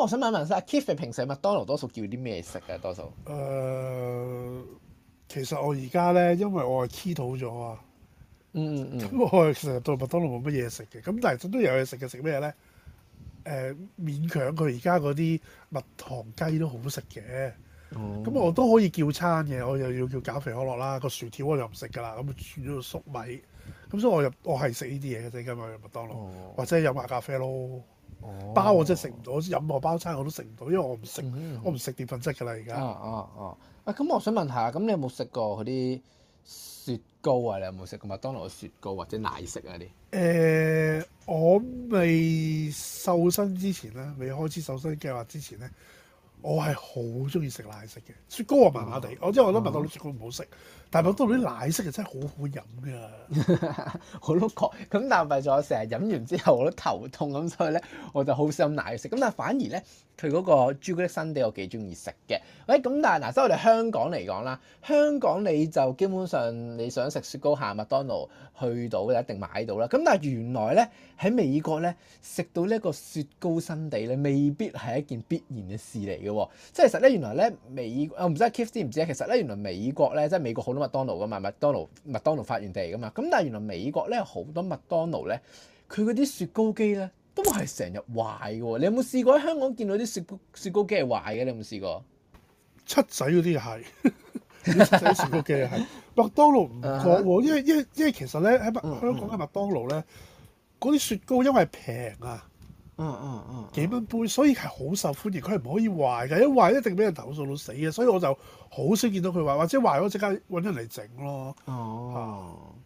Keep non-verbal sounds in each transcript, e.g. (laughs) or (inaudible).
哦、我想問問阿 Keith 平時喺麥當勞多數叫啲咩食嘅多數？誒、呃，其實我而家咧，因為我係 key 倒咗啊，嗯咁我其實對麥當勞冇乜嘢食嘅，咁但係都都有嘢食嘅，食咩咧？誒、呃，勉強佢而家嗰啲蜜糖雞都好食嘅，咁、嗯、我都可以叫餐嘅，我又要叫減肥可樂啦，個薯條我又唔食噶啦，咁煮咗個粟米，咁所以我入我係食呢啲嘢嘅啫嘛，麥當勞，勞、嗯、或者飲下咖啡咯。包我真係食唔到，Ooh, 我飲過包餐我都食唔到，因為我唔食，um, 我唔食澱粉質㗎啦而家。啊，啊啊啊！咁、啊，嗯、我想問下，咁你有冇食過嗰啲雪糕啊？你有冇食過麥當勞嘅雪糕或者奶昔嗰啲？誒，我未瘦身之前呢，未開始瘦身計劃之前呢。我係好中意食奶昔嘅，雪糕、啊、我麻麻地，我即係我諗麥當勞雪糕唔好食，啊、但係麥當勞啲奶昔嘅真係好好飲㗎，我都覺好。咁 (laughs) 但係仲有成日飲完之後我都頭痛咁，所以咧我就好少飲奶昔。咁但係反而咧。佢嗰個朱古力新地我幾中意食嘅，喂咁但係嗱，即係我哋香港嚟講啦，香港你就基本上你想食雪糕下，下麥當勞去到就一定買到啦。咁但係原來咧喺美國咧食到呢一個雪糕新地咧，未必係一件必然嘅事嚟嘅。即係其實咧，原來咧美，我唔知，阿 Keith 知唔知啊？其實咧原來美國咧，即係美國好多麥當勞噶嘛，麥當勞麥當勞發源地嚟噶嘛。咁但係原來美國咧好多麥當勞咧，佢嗰啲雪糕機咧，都係成日壞嘅喎，你有冇試過喺香港見到啲雪糕雪糕機係壞嘅？你有冇試過？七仔嗰啲又係，七仔雪糕機又係。麥當勞唔錯喎，因為因為因為其實咧喺麥香港嘅麥當勞咧，嗰啲雪糕因為平啊，嗯嗯嗯，幾蚊杯，所以係好受歡迎。佢係唔可以壞嘅，一壞一定俾人投訴到死嘅。所以我就好少見到佢壞，或者壞咗即刻揾人嚟整咯。哦。Oh.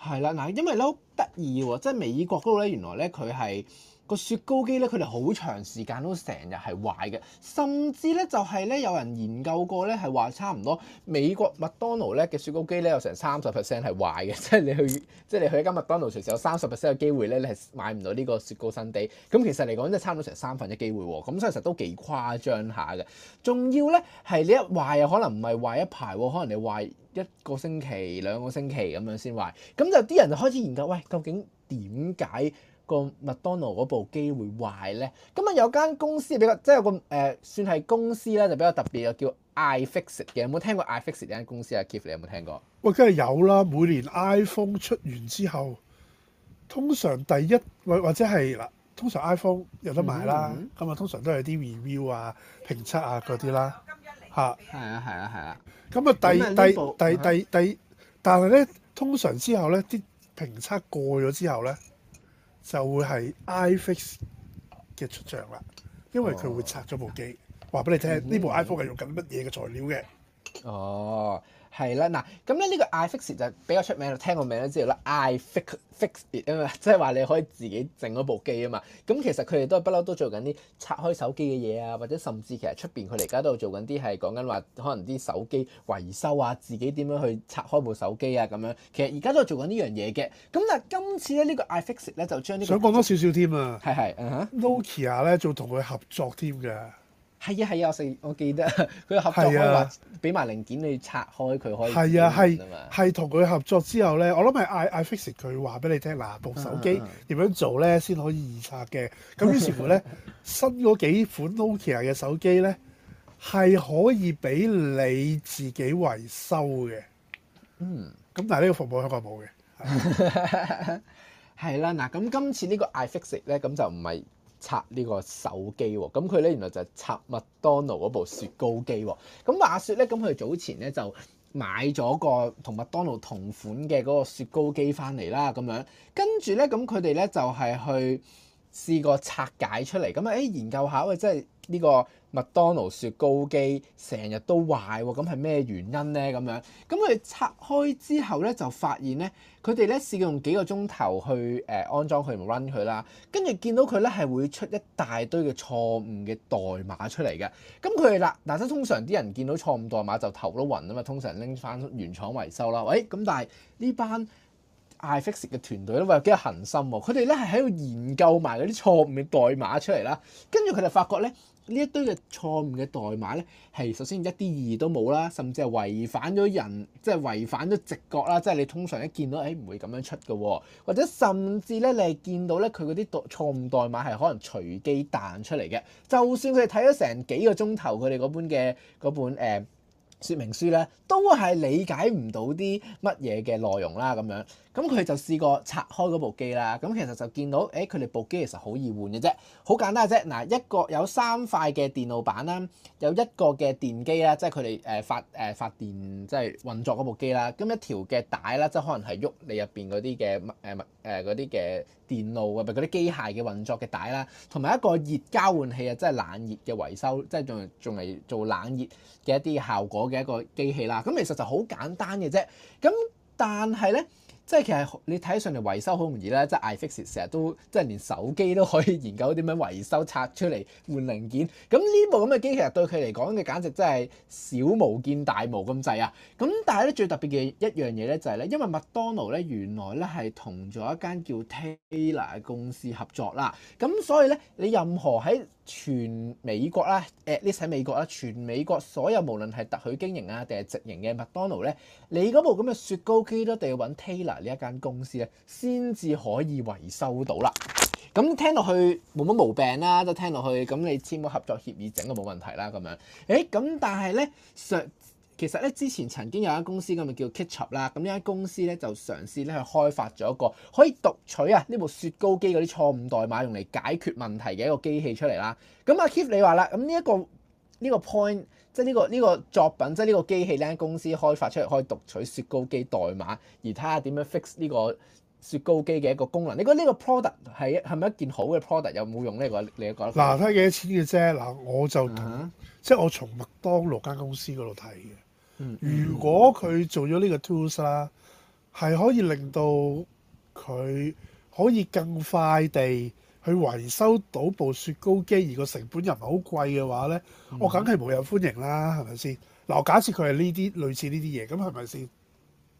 係啦，嗱，因為咧好得意喎，即係美國嗰度咧，原來咧佢係。個雪糕機咧，佢哋好長時間都成日係壞嘅，甚至咧就係咧有人研究過咧，係話差唔多美國麥當勞咧嘅雪糕機咧有成三十 percent 係壞嘅，即係你去即係你去一間麥當勞，隨時有三十 percent 嘅機會咧，你係買唔到呢個雪糕新地。咁其實嚟講，即係差唔多成三分一機會喎。咁所以其實都幾誇張下嘅。仲要咧係你一壞，又可能唔係壞一排喎，可能你壞一個星期兩個星期咁樣先壞。咁就啲人就開始研究，喂，究竟點解？個麥當勞嗰部機會壞咧，咁啊有間公司比較即係個誒、呃、算係公司咧，就比較特別，又叫 iFixit 嘅。有冇聽過 iFixit 呢間公司啊？Kip，f 你有冇聽過？喂，梗係有啦。每年 iPhone 出完之後，通常第一或或者係嗱，通常 iPhone 有得買啦。咁啊、嗯，通常都係啲 review 啊、評測啊嗰啲啦。嚇、嗯，係啊，係啊，係啊。咁啊，第第第第第，第，第，但係咧，通常之後咧，啲評測過咗之後咧。就會係 iFixit 嘅出場啦，因為佢會拆咗部機，話俾、哦、你聽呢、嗯、部 iPhone 係用緊乜嘢嘅材料嘅。哦，係啦，嗱，咁咧呢個 iFixit 就比較出名啦，聽個名咧知道啦。i fix fix it 啊嘛，即係話你可以自己整嗰部機啊嘛。咁其實佢哋都係不嬲都做緊啲拆開手機嘅嘢啊，或者甚至其實出邊佢哋而家都做緊啲係講緊話，可能啲手機維修啊，自己點樣去拆開部手機啊咁樣。其實而家都係做緊呢樣嘢嘅。咁嗱，今次咧呢個 iFixit 咧就將呢、呢個想講多少少添啊，係係，吓、uh huh?，Nokia 咧仲同佢合作添㗎。係啊係啊，我成我記得佢合作可以話俾埋零件你拆開佢可以係啊係係同佢合作之後咧，我諗係 i iFixit 佢話俾你聽嗱部手機點樣做咧先、啊、可以易拆嘅，咁於是乎咧 (laughs) 新嗰幾款 Oppo、ok、嘅手機咧係可以俾你自己維修嘅，嗯，咁但係呢個服務香港冇嘅，係啦嗱，咁今次這個呢個 iFixit 咧咁就唔係。拆呢個手機喎，咁佢咧原來就拆麥當勞嗰部雪糕機喎，咁話說咧，咁佢哋早前咧就買咗個同麥當勞同款嘅嗰個雪糕機翻嚟啦，咁樣，跟住咧，咁佢哋咧就係去試過拆解出嚟，咁啊，誒研究下，喂、欸，真係～呢個麥當勞雪糕機成日都壞喎，咁係咩原因呢？咁樣咁佢拆開之後呢，就發現呢，佢哋呢試用幾個鐘頭去誒、呃、安裝佢同 run 佢啦，跟住見到佢呢係會出一大堆嘅錯誤嘅代碼出嚟嘅。咁佢哋啦，嗱，係通常啲人見到錯誤代碼就頭都暈啊嘛，通常拎翻原廠維修啦。喂、哎，咁但係呢班 iFixit 嘅團隊咧，話、哎、幾有恒心喎。佢哋呢係喺度研究埋嗰啲錯誤嘅代碼出嚟啦，跟住佢哋發覺呢。呢一堆嘅錯誤嘅代碼咧，係首先一啲意義都冇啦，甚至係違反咗人，即係違反咗直覺啦，即係你通常一見到，誒，哎，唔會咁樣出嘅哦，或者甚至咧，你係見到咧佢嗰啲錯誤代碼係可能隨機彈出嚟嘅，就算佢哋睇咗成幾個鐘頭佢哋嗰本嘅嗰本誒，欸說明書咧都係理解唔到啲乜嘢嘅內容啦咁樣，咁佢就試過拆開嗰部機啦，咁其實就見到，誒佢哋部機其實好易換嘅啫，好簡單嘅啫。嗱，一個有三塊嘅電腦板啦，有一個嘅電機啦，即係佢哋誒發誒、呃、發電即係、即係、運作嗰部機啦，咁一條嘅帶啦，即係可能係喐你入邊啲嘅乜誒乜誒嗰啲嘅。呃呃電路啊，同啲機械嘅運作嘅帶啦，同埋一個熱交換器啊，即係冷熱嘅維修，即係仲仲嚟做冷熱嘅一啲效果嘅一個機器啦。咁其實就好簡單嘅啫。咁但係咧。即係其實你睇上嚟維修好容易啦，即係 iFixit 成日都即係連手機都可以研究點樣維修，拆出嚟換零件。咁呢部咁嘅機其實對佢嚟講嘅簡直真係小巫見大巫咁滯啊！咁但係咧，最特別嘅一樣嘢咧就係咧，因為麥當勞咧原來咧係同咗一間叫 Taylor 嘅公司合作啦。咁所以咧，你任何喺全美國啦，at least 喺美國啦，全美國所有無論係特許經營啊定係直營嘅麥當勞咧，你嗰部咁嘅雪糕機都一定要揾 Taylor 呢一間公司咧，先至可以維修到啦。咁聽落去冇乜毛病啦，都聽落去，咁你簽個合作協議整都冇問題啦，咁樣。誒、欸，咁但係咧上。Sir, 其實咧，之前曾經有間公司咁咪叫 Kitchup 啦。咁呢間公司咧就嘗試咧去開發咗一個可以讀取啊呢部雪糕機嗰啲錯誤代碼，用嚟解決問題嘅一個機器出嚟啦。咁阿 Keith 你話啦，咁呢一個呢、這個 point，即係、這、呢個呢、這個作品，即係呢個機器呢間公司開發出嚟可以讀取雪糕機代碼，而睇下點樣 fix 呢個雪糕機嘅一個功能。你覺得呢個 product 係係咪一件好嘅 product？有冇用咧、這個？你你講嗱，睇下幾多錢嘅啫。嗱，我就、uh huh. 即係我從麥當勞間公司嗰度睇嘅。嗯、如果佢做咗呢個 tools 啦、嗯，係可以令到佢可以更快地去維修到部雪糕機，而個成本又唔係好貴嘅話呢，我梗係冇人歡迎啦，係咪先？嗱，假設佢係呢啲類似呢啲嘢，咁係咪先？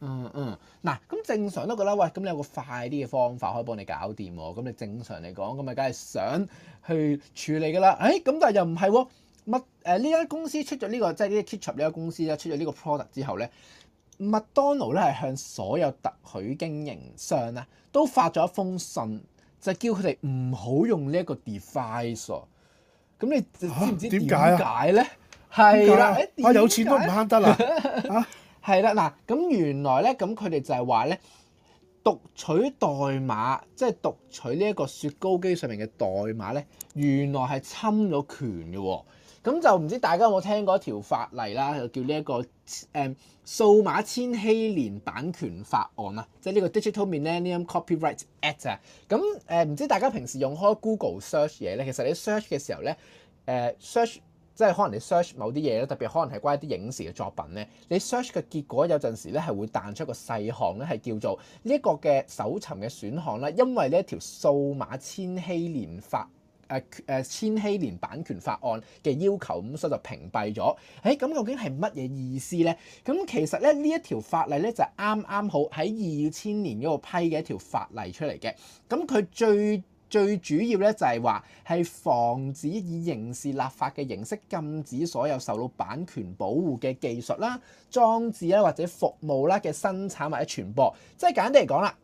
嗯嗯，嗱，咁正常都覺得喂，咁你有個快啲嘅方法可以幫你搞掂喎、哦，咁你正常嚟講，咁咪梗係想去處理噶啦，誒、哎，咁但係又唔係喎。麥誒呢間公司出咗呢、這個即係呢啲 kitcup 呢間公司咧出咗呢個 product 之後咧，麥當勞咧係向所有特許經營商咧都發咗一封信，就係、叫佢哋唔好用呢一個 device。咁你知唔知點解解咧？係啊，的啊，啊有錢都唔慳得 (laughs) 啊！嚇係啦，嗱咁原來咧咁佢哋就係話咧，讀取代碼即係讀取呢一個雪糕機上面嘅代碼咧，原來係侵咗權嘅喎。咁就唔知大家有冇聽過一條法例啦，就叫呢、這、一個誒數碼千禧年版權法案啊，即係呢個 Digital Millennium Copyright Act 啊、嗯。咁誒唔知大家平時用開 Google search 嘢咧，其實你 search 嘅時候咧，誒、呃、search 即係可能你 search 某啲嘢咧，特別可能係關一啲影視嘅作品咧，你 search 嘅結果有陣時咧係會彈出個細項咧，係叫做呢一個嘅搜尋嘅選項啦，因為呢一條數碼千禧年法。誒誒、啊啊、千禧年版權法案嘅要求，咁所以就屏蔽咗。誒咁究竟係乜嘢意思咧？咁其實咧呢一條法例咧就啱啱好喺二千年嗰度批嘅一條法例出嚟嘅。咁佢最最主要咧就係話係防止以刑事立法嘅形式禁止所有受到版權保護嘅技術啦、裝置啦或者服務啦嘅生產或者傳播。即係簡單嚟講啦。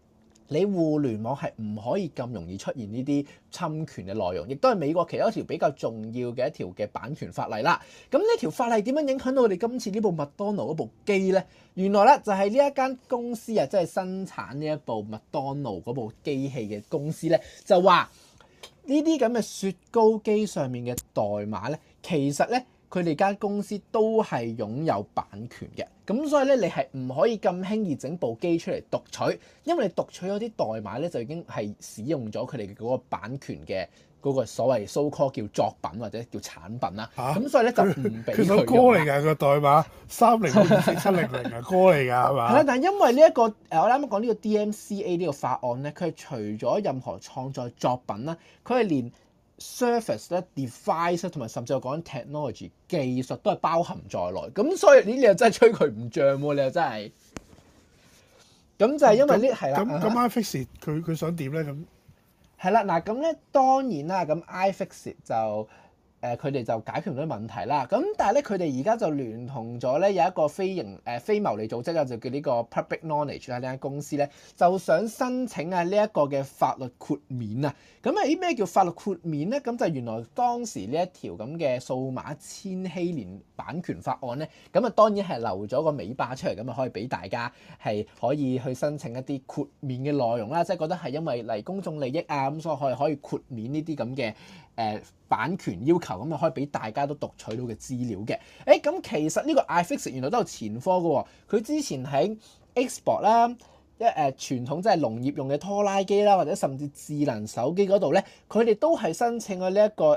你互聯網係唔可以咁容易出現呢啲侵權嘅內容，亦都係美國其中一條比較重要嘅一條嘅版權法例啦。咁呢條法例點樣影響到我哋今次呢部麥當勞嗰部機呢？原來呢就係呢一間公司啊，即係生產呢一部麥當勞嗰部機器嘅公司呢，就話呢啲咁嘅雪糕機上面嘅代碼呢，其實呢。佢哋間公司都係擁有版權嘅，咁所以呢，你係唔可以咁輕易整部機出嚟讀取，因為你讀取咗啲代碼呢，就已經係使用咗佢哋嗰個版權嘅嗰個所謂 so called 叫作品或者叫產品啦。咁、啊、所以呢，就唔俾佢用。佢首、啊、歌嚟㗎個代碼，三零零二七零零啊，歌嚟㗎係嘛？係啦，但係因為呢、這、一個誒，我啱啱講呢個 DMCA 呢個法案呢，佢係除咗任何創作作品啦，佢係連。surface 咧、device 同埋甚至我講 technology 技術都係包含在內，咁所以呢啲又真係吹佢唔漲喎，你又真係、啊，咁就係因為呢係啦。咁咁 iFixit 佢佢想點咧？咁係啦，嗱咁咧當然啦，咁 iFixit 就。誒佢哋就解決唔到啲問題啦，咁但係咧佢哋而家就聯同咗咧有一個非營誒、呃、非牟利組織啊，就叫呢個 Public Knowledge 啊呢間公司咧，就想申請啊呢一個嘅法律豁免啊。咁啊咦咩叫法律豁免咧？咁就原來當時呢一條咁嘅數碼千禧年版權法案咧，咁啊當然係留咗個尾巴出嚟，咁啊可以俾大家係可以去申請一啲豁免嘅內容啦，即係覺得係因為嚟公眾利益啊，咁所以可以可以豁免呢啲咁嘅。誒、呃、版權要求咁就、嗯、可以俾大家都讀取到嘅資料嘅。誒、欸、咁其實呢個 iFixit 原來都有前科嘅、哦，佢之前喺 Xbox 啦，一、呃、誒傳統即係農業用嘅拖拉機啦，或者甚至智能手機嗰度咧，佢哋都係申請咗呢一個誒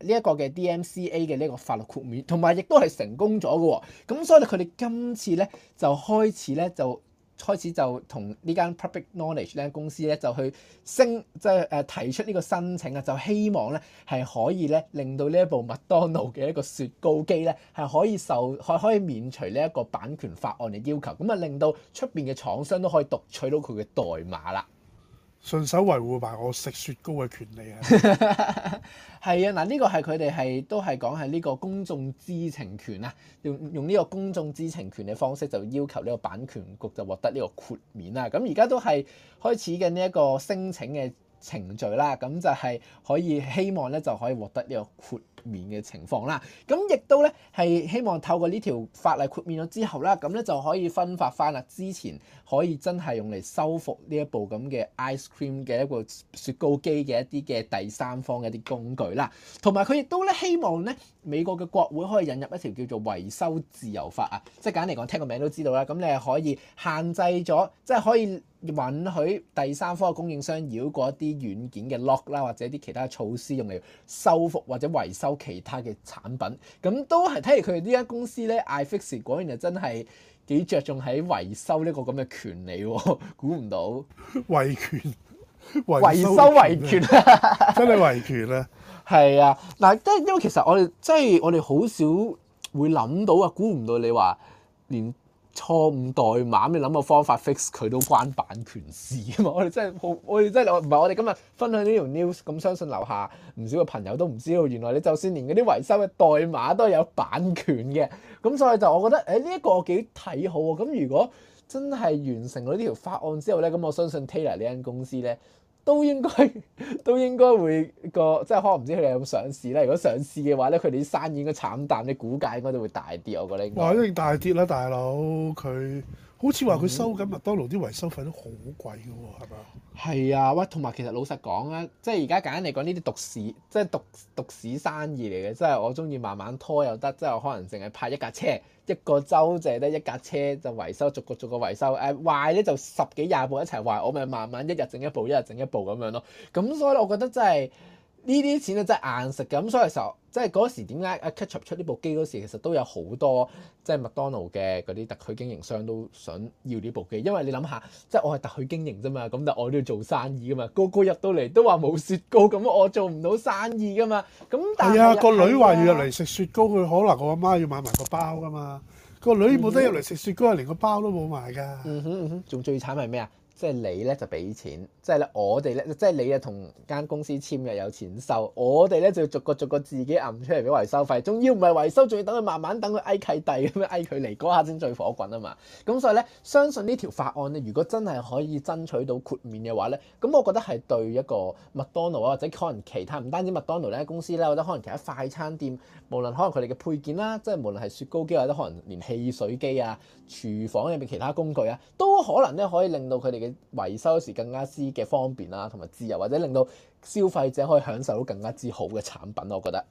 呢一個嘅 DMCA 嘅呢個法律豁免，同埋亦都係成功咗嘅、哦。咁、嗯、所以咧，佢哋今次咧就開始咧就。開始就同呢間 Public Knowledge 呢間公司呢，就去升即係誒提出呢個申請啊，就希望呢，係可以呢令到呢部麥當勞嘅一個雪糕機呢，係可以受可可以免除呢一個版權法案嘅要求，咁啊令到出面嘅廠商都可以讀取到佢嘅代碼啦。順手維護埋我食雪糕嘅權利啊！係啊， (laughs) 嗱呢個係佢哋係都係講係呢個公眾知情權啊，用用呢個公眾知情權嘅方式就要求呢個版權局就獲得呢個豁免啦。咁而家都係開始嘅呢一個申請嘅程序啦，咁就係可以希望咧就可以獲得呢個豁免。面嘅情況啦，咁亦都咧係希望透過呢條法例豁免咗之後啦，咁咧就可以分發翻啦。之前可以真係用嚟修復呢一部咁嘅 ice cream 嘅一個雪糕機嘅一啲嘅第三方嘅一啲工具啦，同埋佢亦都咧希望咧美國嘅國會可以引入一條叫做維修自由法啊，即係簡單嚟講，聽個名都知道啦。咁你係可以限制咗，即係可以。允許第三方嘅供應商繞過一啲軟件嘅 lock 啦，或者一啲其他措施用嚟修復或者維修其他嘅產品，咁都係睇嚟佢哋呢間公司咧，iFixit 果然就真係幾着重喺維修呢個咁嘅權利，哦，估唔到維權維修維權啊！真係維權啊！係啊，嗱，即係因為其實我哋即係我哋好少會諗到啊，估唔到你話連。錯誤代碼，你諗個方法 fix 佢都關版權事㗎嘛！我哋真係好，我哋真係唔係我哋今日分享呢條 news，咁相信樓下唔少嘅朋友都唔知道，原來你就算連嗰啲維修嘅代碼都係有版權嘅，咁所以就我覺得，誒呢一個我幾睇好啊！咁如果真係完成咗呢條法案之後咧，咁我相信 Taylor 呢間公司咧。都應該都應該會個，即係可能唔知佢哋有冇上市啦。如果上市嘅話咧，佢哋啲生意應該慘淡，啲股價應該都會大啲，我覺得應該。我一定大啲啦，大佬佢。好似話佢收緊麥當勞啲維修費都好貴㗎喎。哦，係咪啊？係啊，喂！同埋其實老實講啊，即係而家簡單嚟講，呢啲獨市即係獨獨市生意嚟嘅，即係我中意慢慢拖又得，即係可能淨係派一架車一個州淨係得一架車就維修，逐個逐個維修。誒、呃、壞咧就十幾廿部一齊壞，我咪慢慢一日整一部，一日整一部咁樣咯。咁所以我覺得真係呢啲錢咧真係硬食嘅。咁所以其實。即係嗰時點解阿 Catchup 出呢部機嗰時，其實都有好多即係麥當勞嘅嗰啲特許經營商都想要呢部機，因為你諗下，即係我係特許經營啫嘛，咁但我都要做生意噶嘛，個個入到嚟都話冇雪糕，咁我做唔到生意噶嘛。咁係啊，但個女話要入嚟食雪糕，佢可能我阿媽要買埋個包噶嘛。個女冇得入嚟食雪糕，連個包都冇買㗎。嗯哼嗯哼，仲最慘係咩啊？即係你咧就俾錢，即係咧我哋咧，即係你啊同間公司簽約有錢收，我哋咧就要逐個逐個自己揞出嚟俾維修費。仲要唔係維修，仲要等佢慢慢等佢挨契弟咁樣挨佢嚟嗰下先最火滾啊嘛。咁所以咧，相信呢條法案咧，如果真係可以爭取到豁免嘅話咧，咁我覺得係對一個麥當勞啊，或者可能其他唔單止麥當勞咧公司咧，或者可能其他快餐店，無論可能佢哋嘅配件啦，即係無論係雪糕機或者可能連汽水機啊、廚房入面其他工具啊，都可能咧可以令到佢哋。維修時更加之嘅方便啦，同埋自由，或者令到消費者可以享受到更加之好嘅產品，我覺得。